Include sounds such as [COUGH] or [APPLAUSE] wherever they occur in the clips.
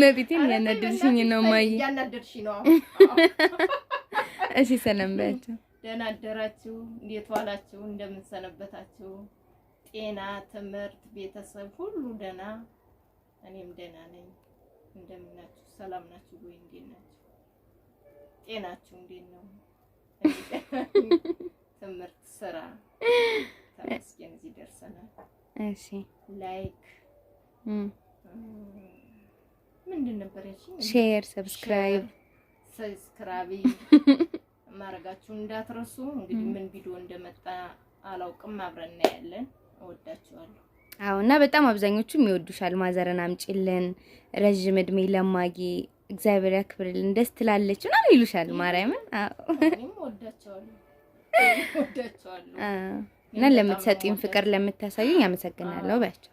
መቤቴ እያናደድሽኝ ነው ማየ፣ እያናደድሽኝ ነው። እሺ ሰላም በያቸው። ደህና አደራችሁ፣ እንዴት ዋላችሁ፣ እንደምን ሰነበታችሁ? ጤና፣ ትምህርት፣ ቤተሰብ ሁሉ ደህና፣ እኔም ደህና ነኝ። እንደምን ናችሁ? ሰላም ናችሁ ወይ? እንዴት ናችሁ? ጤናችሁ እንዴት ነው? ትምህርት፣ ስራ፣ ተመስገን እዚህ ደርሰናል። እሺ ላይክ ምንድን ነበር ያልሽኝ? ሼር ሰብስክራይብ ሰብስክራይብ [LAUGHS] ማድረጋችሁ እንዳትረሱ። እንግዲህ ምን ቪዲዮ እንደመጣ አላውቅም። አብረን እናያለን። እወዳችኋለሁ። አዎ እና በጣም አብዛኞቹም ይወዱሻል። ማዘረን አምጪልን፣ ረዥም እድሜ ለማጊ እግዚአብሔር ያክብርልን፣ ደስ ትላለች ምናምን ይሉሻል። ማርያምን እና ለምትሰጡኝ ፍቅር ለምታሳዩኝ አመሰግናለሁ ባያቸው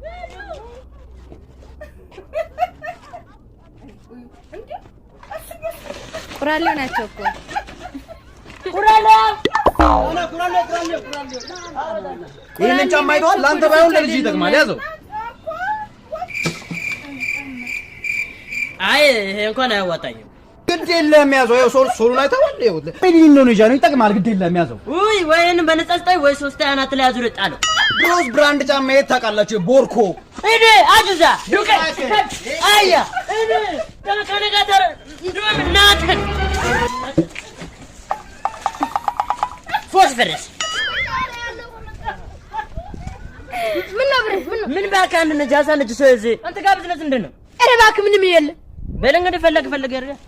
ቁራሌ ናቸው እኮ ይህንን ጫማ አይተዋል። ለአንተ ባይሆን ለልጅ ይጠቅማል። ያዘው። አይ ይሄ እንኳን አያዋጣኝም። ግድ የለም ያዘው። ያው ሶል ሶሉን አይተዋል። ይሄው ምን ይኖር ይጃኑ ይጠቅማል። ግድ የለም ያዘው። ውይ ወይን በነጸጽ ጣይ ወይ ሶስት አናት ላይ አዙረጣ ነው። ሮዝ ብራንድ ጫማ የት ታውቃላችሁ? ቦርኮ እኔ አጅዛ ዱቄት አያ እኔ ከነጋተር ዱም ናት ፎስፈረስ ምን ነበር ምን ባካ አንድ ነጃ ሳለች ሰው እዚህ አንተ ጋር ብዝነስ እንደ ነው። ኧረ እባክህ ምንም የለም በል እንግዲህ ፈለግ ፈለግ ያደርጋል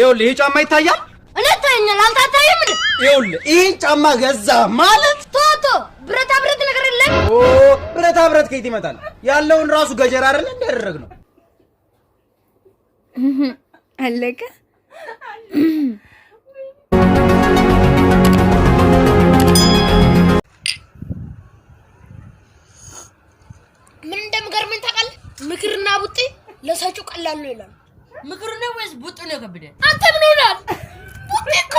ይኸውልህ ይሄ ጫማ ይታያል። እኔ ታየኛል፣ አልታታይም። አታይም። ይኸውልህ ይሄን ጫማ ገዛ ማለት ቶቶ ብረታ ብረት ነገር የለም። ኦ ብረታ ብረት ከየት ይመጣል? ያለውን ራሱ ገጀራ አይደል እንዲያደረግ ነው። [LAUGHS] አለቀ ምን እንደምገርምን ታውቃለህ? ምክርና ቡጤ ለሰጩ ቀላሉ ይላል። ምክሩ ነው ወይስ ቡጡ ነው የከበደ? አንተ ምን ሆናል? ቡጢ እኮ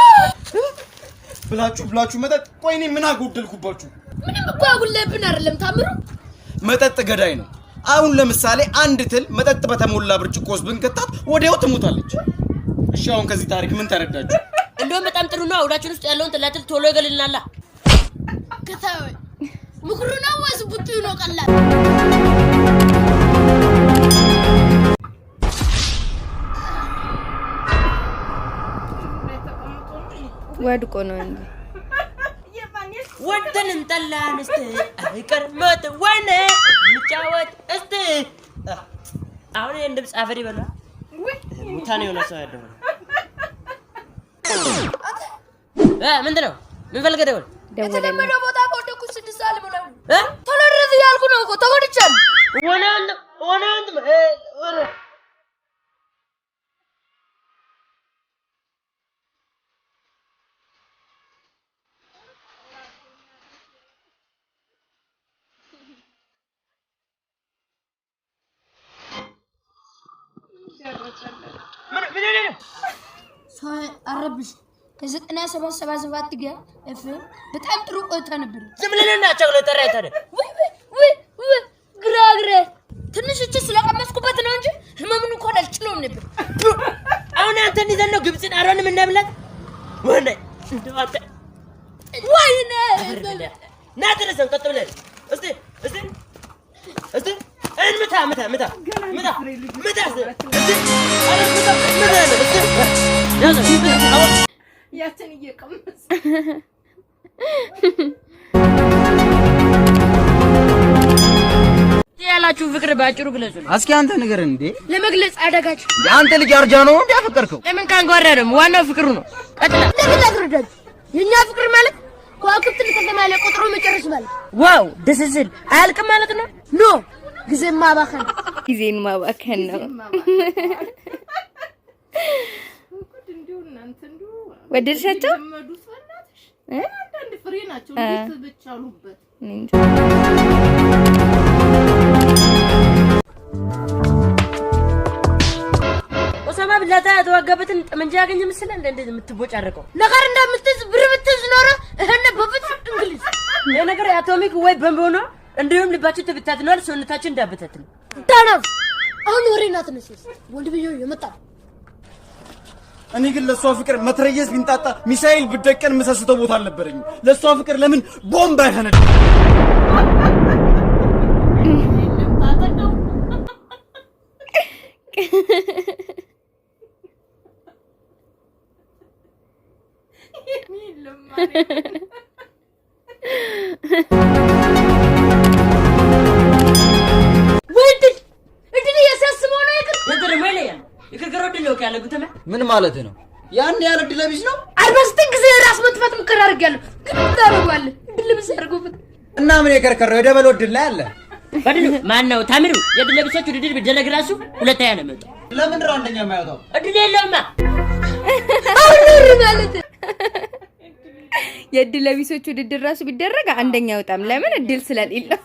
ብላችሁ ብላችሁ መጠጥ። ቆይ እኔ ምን አጎደልኩባችሁ? ምንም እኮ አጉለብን አይደለም። ታምሩ መጠጥ ገዳይ ነው። አሁን ለምሳሌ አንድ ትል መጠጥ በተሞላ ብርጭቆ ውስጥ ብንከታት ወዲያው ትሞታለች። እሺ አሁን ከዚህ ታሪክ ምን ተረዳችሁ? እንደውም በጣም ጥሩ ነው። አውዳችን ውስጥ ያለውን ትላትል ቶሎ ይገልልናላ። ምክሩ ነው ወይስ ቡጢ ነው? ቀላል ወድቆ ነው እንጂ ወደንም ጠላን እስቲ አይቀርሞት ወይኔ እንጫወት እስቲ። አሁን ይሄን ድምፅ አፈሪ በላ ሙታን የሆነ ሰው ያለው እ ምንድን ነው ምን ፈልገህ ደውል። የተለመደው ቦታ ከወደኩ ስድስት ሰዓት ብለው ነው። ቶሎ ድረስ እያልኩ ነው እኮ ተጎድቻለሁ። ወና ወና አረብሽ ከዘጠና ሰባት ሰባ ሰባት ጋር እፍ በጣም ጥሩ ቆይታ ነበር። ዝም ብለን ጠራ ለጠራ ይታደ ግራ ትንሽ እች ስለቀመስኩበት ነው እንጂ ህመሙን እንኳን አልችለውም ነበር። አሁን አንተ እንዲዘን ነው ግብፅን አሮንም እናብላት ወነ ወይነ ና ተረሰን ቀጥ ብለን እስቲ እስቲ እስቲ እንምታ ምታ ምታ ምታ ምታ ምታ ያችን እየቀመሰ ያላችሁ ፍቅር ባጭሩ ግለጹ። እስኪ አንተ ነገር እንዴ ለመግለጽ አደጋችሁ። አንተ ልጅ አርጃ ነው እንዴ አፈቀርከው? ለምን ካንጓረደም ዋናው ፍቅሩ ነው። ቀጥላ እንደምታስረዳት የኛ ፍቅር ማለት ከዋክብትን ከተማ ላይ ቁጥሩ መጨረስ ማለት ዋው ደስ ሲል አያልቅም ማለት ነው። ኖ ጊዜን ማባከን ጊዜን ማባከን ነው። ወደድሻቸው? አንዳንድ ፍሬ ናቸው ኦሳማ ብላታ የተዋጋበትን ጠመንጃ ያገኘ ምስል እንደ እንደ የምትቦጫረቀው ነገር እንደምትዝ ብር ብትዝ ኖረ እህነ በብት እንግሊዝ የነገር የአቶሚክ ወይ በመሆኗ እንዲሁም ልባችን ትብታትናል፣ ሰውነታችን እንዳበታትን ዳናፍ አሁን ወሬ ናት። ወንድምየው የመጣ እኔ ግን ለእሷ ፍቅር መትረየስ ቢንጣጣ ሚሳኤል ብደቀን የምሰስተው ቦታ አልነበረኝ። ለእሷ ፍቅር ለምን ቦምብ አይፈነድ? [LAUGHS] [LAUGHS] ምን ማለት ነው? ያን ያህል እድለ ቢስ ነው። አርባ ዘጠኝ ጊዜ ራስ መጥፋት ሙከራ አድርጌያለሁ፣ ግን ታደርጓለህ። እድለ ቢስ ያደርጉበት እና ምን የከርከረው የደበሎ እድል ላይ አለ በድሉ ማን ነው? ታምሩ የእድለ ቢሶች ውድድር ቢደረግ ራሱ ሁለተኛ ነው የሚወጣው። ለምን ነው አንደኛ የማይወጣው? እድል የለውማ። አሁን ማለት የእድለ ቢሶች ውድድር ራሱ ቢደረግ አንደኛ አይወጣም። ለምን? እድል ስለሌለው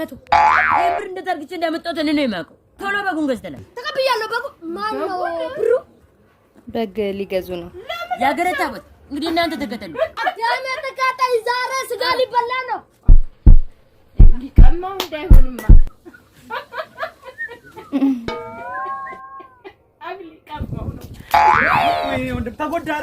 መቶ ብር እንደተርግቼ እንዳመጣሁት እኔ ነው የማውቀው። ቶሎ በጉን ገዝተለ ተቀብያለሁ። በጉ ማን ነው ብሩ በግ ሊገዙ ነው። የሀገረ ታቦት እንግዲህ እናንተ ተከተሉ። ተቃጣይ ዛሬ ስጋ ሊበላ ነው። ሊቀማው እንዳይሆንማ ተጎዳረ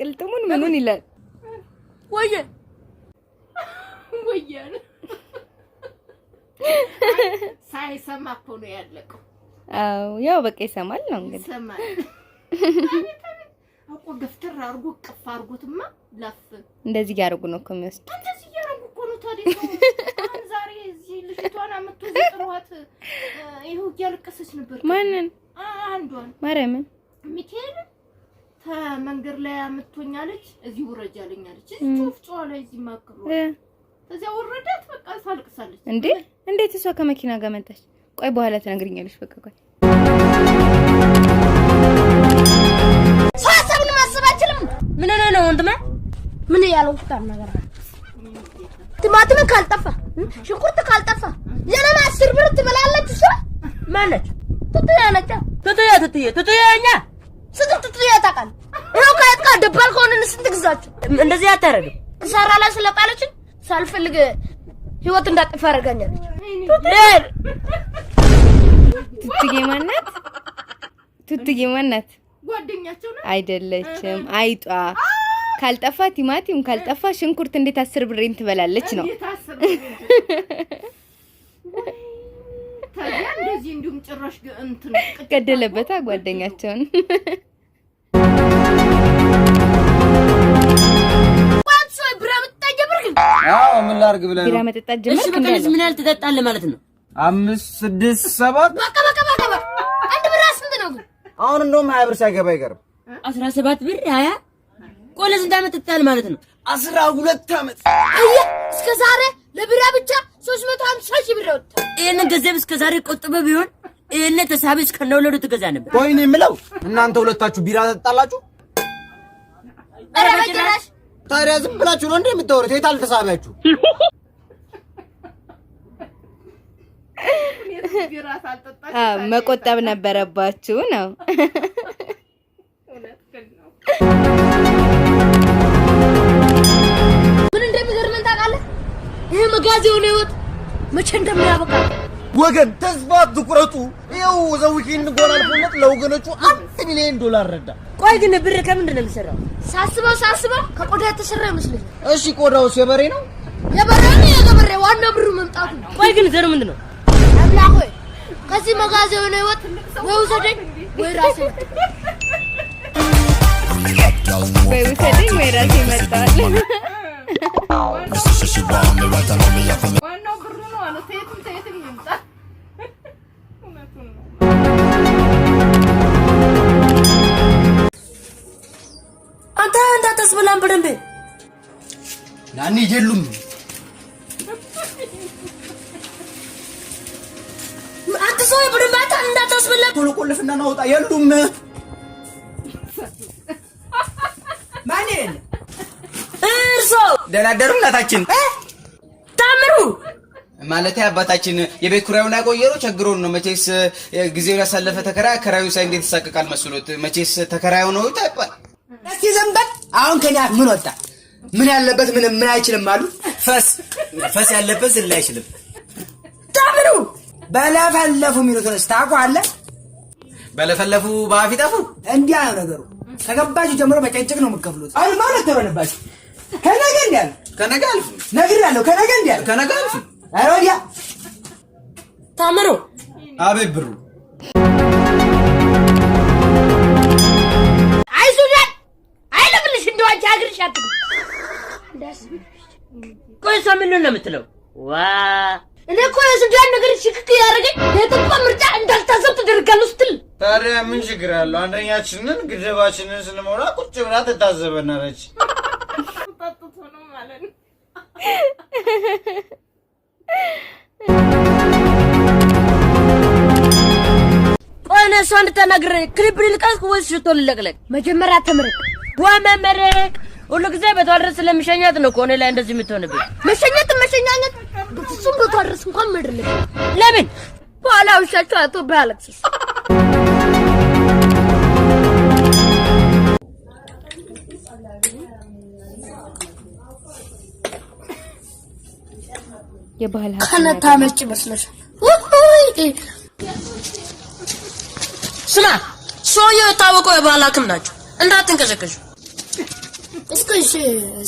ቅልጥሙን ምኑን ይላል ወየ ወየ ሳይሰማ እኮ ነው ያለቀው። አዎ ያው በቃ ይሰማል ነው እንግዲህ ይሰማል። አውቆ ገፍትር አድርጎ ቅፍ አድርጎትማ እንደዚህ ያደርጉ ነው እኮ የሚወስድ እንደዚህ ያደርጉ እኮ ነው። ታዲያ አሁን ዛሬ እዚህ ልጅቷን አመጡ ዘጥሯት፣ ይኸው እያለቀሰች ነበር። ማንን? አንዷን ማርያምን፣ ሚካኤል ከመንገድ ላይ አመቶኛለች። እዚህ ውረጅ አለኛለች። እዚህ ወፍጮ ላይ እዚህ ማከሩ እዚያ ወረዳት። በቃ ታልቅሳለች እንዴ! እንዴት እሷ ከመኪና ጋር መጣች? ቆይ በኋላ ትነግሪኛለች። በቃ ቆይ ሰው ሀሳብን ማሰብ አይችልም። ምን ነው ወንድሜ ምን ያለው ፍቃድ ነገር አለ። ቲማቲም ካልጠፋ ሽንኩርት ካልጠፋ ለለም አስር ብር ትበላለች። እሷ ማነች? ትትያ ነጫ ትትያ ትትያ ትትያኛ ስንት ትትያ ታውቃለህ? ይኸው ከየት ጋር ደባል ከሆነ ስንት ግዛችሁ እንደዚህ አታረግም። ሰራ ላይ ስለጣለችን ሳልፈልግ ህይወት እንዳጠፋ አደርጋኛለች። ትትጌ ማናት? ትትጌ ማናት? ጓደኛቸው ነው አይደለችም አይጧ ካልጠፋ ቲማቲም ካልጠፋ ሽንኩርት እንዴት አስር ብሬን ትበላለች ነው። ገደለበታ ጓደኛቸውን። ምን ላድርግ ብለህ ነው? ቢራ መጠጣት ጀመርክ? እሺ ምን ያህል ትጠጣለህ ማለት ነው? አምስት ስድስት ሰባት በቃ በቃ በቃ። አንድ ብር ስንት ነው? አሁን እንደውም ሀያ ብር ሳይገባ አይቀርም። አስራ ሰባት ብር ሀያ ቆለ ለስንት ዓመት ትታል ማለት ነው? አስራ ሁለት ዓመት አየ እስከ ዛሬ ለብራ ብቻ 350 ሺህ ብር ወጣ። ይሄንን ገንዘብ እስከ ዛሬ ቆጥበ ቢሆን ይሄን ተሳቢ እስከነወለዱ ትገዛ ነበር። ቆይ የምለው እናንተ ሁለታችሁ ቢራ ተጣላችሁ። ኧረ በጭራሽ። ታዲያ ዝም ብላችሁ ነው እንዴ የምታወሩት? የት አልተሳቢያችሁ? መቆጠብ ነበረባችሁ ነው። አበጋዝ የሆነ ህይወት መቼ እንደሚያበቃ ወገን ተስፋ ትቁረጡ። ይኸው ዘ ዊኬንድ ጎል ለወገኖቹ አንድ ሚሊዮን ዶላር ረዳ። ቆይ ግን ብር ከምንድን ነው የሚሰራው? ሳስበው ሳስበው ከቆዳ የተሰራ ይመስለኛል። እሺ ቆዳውስ የበሬ ነው? የበሬ ነው የገበሬ ዋና ብሩ መምጣቱ። ቆይ ግን ዘሩ ምንድን ነው? አብላ ሆይ ከዚህ መጋዘ የሆነ ህይወት ወይ ውሰደኝ ወይ ራሴ ወይ ውሰደኝ ወይ ራሴ መጣል ዋናው ብሩ ነው አሉ። ተየትም ተየትም ይምጣ። እውነቱን ነው። አንተ እንዳጠስ ብላን በደንብ ናኒ የሉም አትሰው የብድንባታ እንዳጠስ ብላ ቶሎ ቆልፍና ናውጣ የሉም ደህና አደሩ እናታችን ታምሩ ማለት አባታችን የቤት ኩራዩን አቆየሩ ቸግሮን ነው። መቼስ ጊዜውን ያሳለፈ ተከራ ከራዩ ሳይ እንዴት ይሳቀቃል መስሎት መቼስ ተከራዩ ነው ይታባል። እስኪ ዘንበት አሁን ከኛ ምን ወጣ ምን ያለበት ምን ምን አይችልም አሉ ፈስ ፈስ ያለበት ዝላ አይችልም። ታምሩ በለፈለፉ የሚሉትን አለ በለፈለፉ በአፍ ይጠፉ እንዲያ ነው ነገሩ። ከገባችሁ ጀምሮ መጨንጭቅ ነው የምትከፍሉት። አሁን ማለት ተበለባችሁ ከነገ እንዲያለ ከነገ አልፍ ነግሬያለሁ። ከነገ እንዲያለ ከነገ አልፍ ኧረ ወዲያ አቤት ብሩ አይሱዳን አይለብልሽ እንደው አግርሽ አትግቢ። ቆይ እሷ ምኑን ነው የምትለው? ዋ እኔ እኮ የሱዳን ነገር ሽክክ ያደረገኝ የጥቋ ምርጫ እንዳልታሰብ ትደርጋለሁ ስትል ታዲያ ምን ችግር አለው? አንደኛችንን ግድባችንን ስንሞላ ቁጭ ብላ ትታዘበናለች። ጠጥቶ ነው ማለት ነው። ቆይ እኔ እሷን እንድታናግር ክሊፕ ልልቀቅ ወይስ ሽቶ ልለቅለቅ? መጀመሪያ ትምርቅ ዋ መመረቅ ሁሉ ጊዜ በተዋረስ ስለሚሸኛት ነው ከሆነ ላይ እንደዚህ የምትሆንብኝ። መሸኘት መሸኛኘት በፍጹም በተዋረስ እንኳን መድረግ ለምን በኋላ ውሻቸው አቶ ባያለቅስስ የባህል ሀብት መስለሽ ይመስለሻል? ስማ ሰውየው የታወቀው የባህል ሐኪም ናቸው። እንዳትንቀሸቀሽ። እስኪ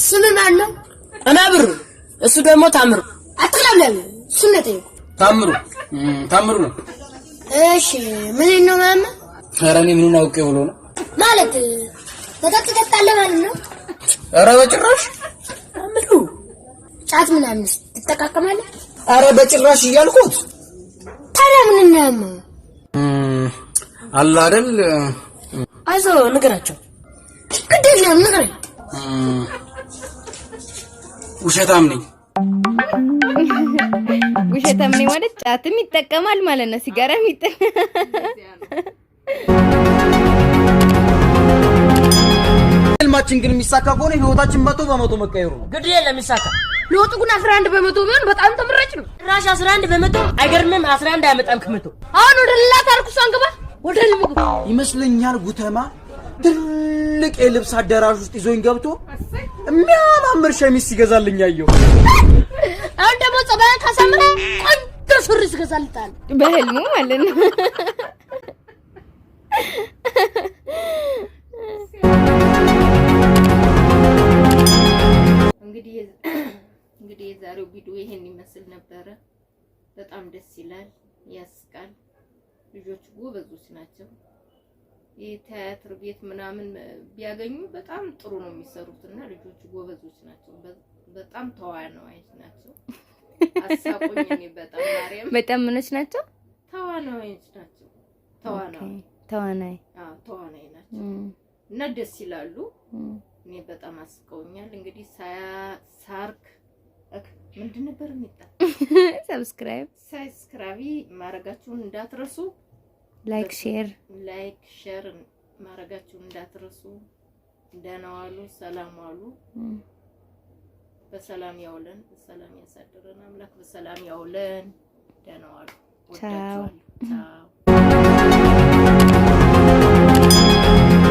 ስም ማን ነው? እኔ ብሩ፣ እሱ ደግሞ ታምሩ። አትለምለም፣ ስነት ነው ታምሩ ታምሩ ነው። እሺ ምን ነው ማማ? ኧረ እኔ ምኑን አውቄ ብሎ ነው ማለት። ተጠጥ ተጣለ ማለት ነው? ኧረ በጭራሽ ጫት ምናምን ትጠቃቀማለህ? አረ በጭራሽ እያልኩት። ታዲያ ምን እናያማ አለ አይደል? አዞ ንገራቸው። ግድ የለም ንገረኝ። ውሸታም ነኝ። ውሸታም ነኝ ማለት ጫትም ይጠቀማል ማለት ነው፣ ሲጋራም ህልማችን ግን የሚሳካ ከሆነ ህይወታችን መቶ በመቶ መቀየሩ ነው። ግድ የለም ይሳካ ለውጡ ግን 11 በመቶ ቢሆን በጣም ተመራጭ ነው። ራሽ 11 በመቶ አይገርምም? 11 አያመጣም ከመቶ አሁን ወደ ሌላ ታሪክ እሷን ግባ ወደ ልምግ ይመስለኛል። ጉተማ ትልቅ የልብስ አዳራሽ ውስጥ ይዞኝ ገብቶ የሚያማምር ሸሚስ ይገዛልኝ አየሁ። አሁን ደግሞ ጸባያን ካሳምረ ቆንጆ ሱሪ ሲገዛልታል በህልሙ ማለት ነው። እንግዲህ እንግዲህ የዛሬው ቪዲዮ ይሄን ይመስል ነበረ። በጣም ደስ ይላል፣ ያስቃል። ልጆች ጎበዞች ናቸው። የቲያትር ቤት ምናምን ቢያገኙ በጣም ጥሩ ነው የሚሰሩት እና ልጆች ጎበዞች ናቸው። በጣም ተዋናዮች ናቸው። አሳቁኝ። በጣም ማርያም በጣም ምኖች ናቸው፣ ተዋናዮች ናቸው። ተዋናይ አዎ ተዋናይ ናቸው እና ደስ ይላሉ። እኔ በጣም አስቀውኛል። እንግዲህ ሳርክ ምንድን ነበር የሚጣ ሰብስክራይብ ሰብስክራቢ ማድረጋችሁን እንዳትረሱ፣ ላይክ ሼር ላይክ ሼር ማድረጋችሁን እንዳትረሱ። ደህና ዋሉ፣ ሰላም ዋሉ። በሰላም ያውለን፣ በሰላም ያሳድረን አምላክ። በሰላም ያውለን። ደህና ዋሉ። ወዳችኋለሁ።